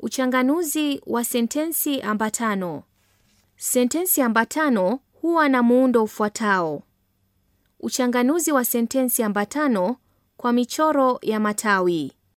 Uchanganuzi wa sentensi ambatano. Sentensi ambatano huwa na muundo ufuatao: uchanganuzi wa sentensi ambatano kwa michoro ya matawi.